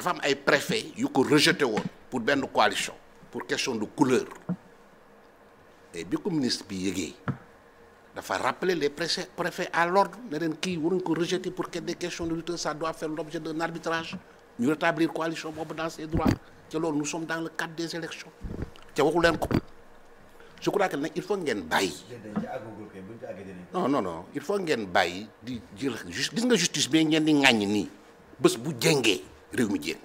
dafa am ay préfet yu ko rejeté woon pour benn coalition pour question de couleur bi ko ministre bi yëgee dafa rappeler les préfets à l'ordre ne leen kii waruñ ko rejeter pour que des questions de lutte ça doit faire l'objet d'un arbitrage ñu rétablir coalition boobu dans ses droits te loolu nous sommes dans le cadre des élections te waxu leen ko je crois que nag il faut ngeen bàyyi non non non il faut ngeen bàyyi di jël gis nga justice bi ngeen di ŋàññ nii bés bu jéngee réew mi jéng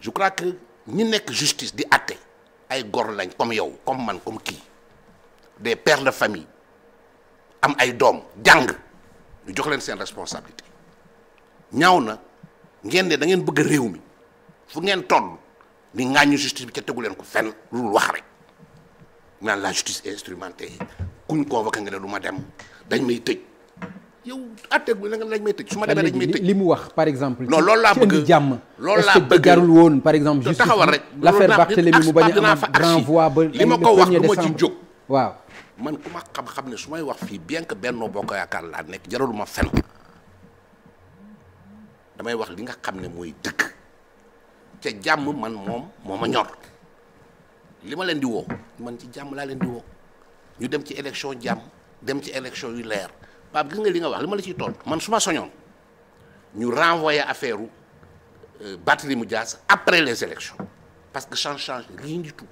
je crois que ñi nekk justice di àtte ay gor lañ comme yow comme man comme kii des pères de famille am ay doom jàng lu jox leen seen responsabilité ñaw na ngeen de da ngeen bëgg réew mi fu ngeen toll ni ngaañu justice bi ca tegu leen ko fen lu wax rek naan la justice est instrumentée kuñ convoqué nga ne lu ma dem dañ may tëj yow àtteeg bi la nga lañ may ma demee lañ may li mu wax par exemple. non loolu laa bëgg jàmm. loolu laa bëgg jarul woon par exemple. juste taxawal rek l'affaire Barthélémy mu bañ a am renvoi ba li ma ko wax du ma ci jóg waaw. man ku ma xam-xam ne su may wax fii bien que Benno Bokk Yaakaar laa nekk jarul ma fen damay wax li nga xam ne mooy dëkk ca jàmm man moom moo ma ñor li ma leen di woo man ci jàmm laa leen di woo ñu dem ci élection jàmm dem ci élection yu leer. Pape gis nga li nga wax li ma la ciy tool man suma ma soñoon ñu renvoyer affaire u euh, mu Dias après les élections parce que ça ne change rien tout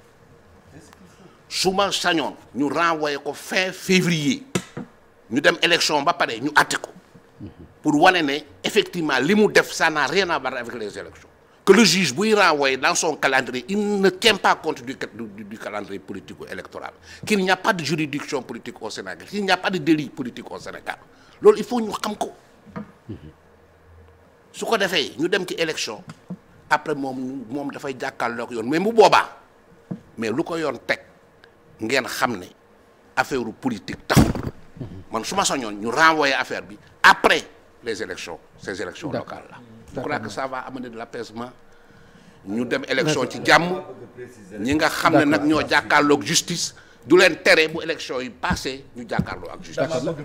su sañoon ñu renvoyer ko fin février ñu dem élection ba pare ñu àtte ko pour wane ne effectivement li mu def ça n'a rien à voir avec les élections que le juge buy renvoyer dans son calendrier il ne tient pas compte du du, du calendrier politique ou électoral qu'il n'y a pas de juridiction politique au Sénégal qu'il n'y a pas de délit politique au Sénégal loolu il faut ñu xam ko su ko defee ñu dem ci élection après moom moom dafay jàkkaarloog yoon mais mu boobaa mais lu ko yoon teg ngeen xam ni affaire politique taxul man su ma soñoon ñu renvoyer affaire bi après les élections ces élections locales là je crois que ça va amener de l'apaisement ñu dem élection ci jàmm ñi nga xam ne nag ñoo jàkkaarloog justice du leen tere bu élection yi passé ñu jàkkaarloo ak justice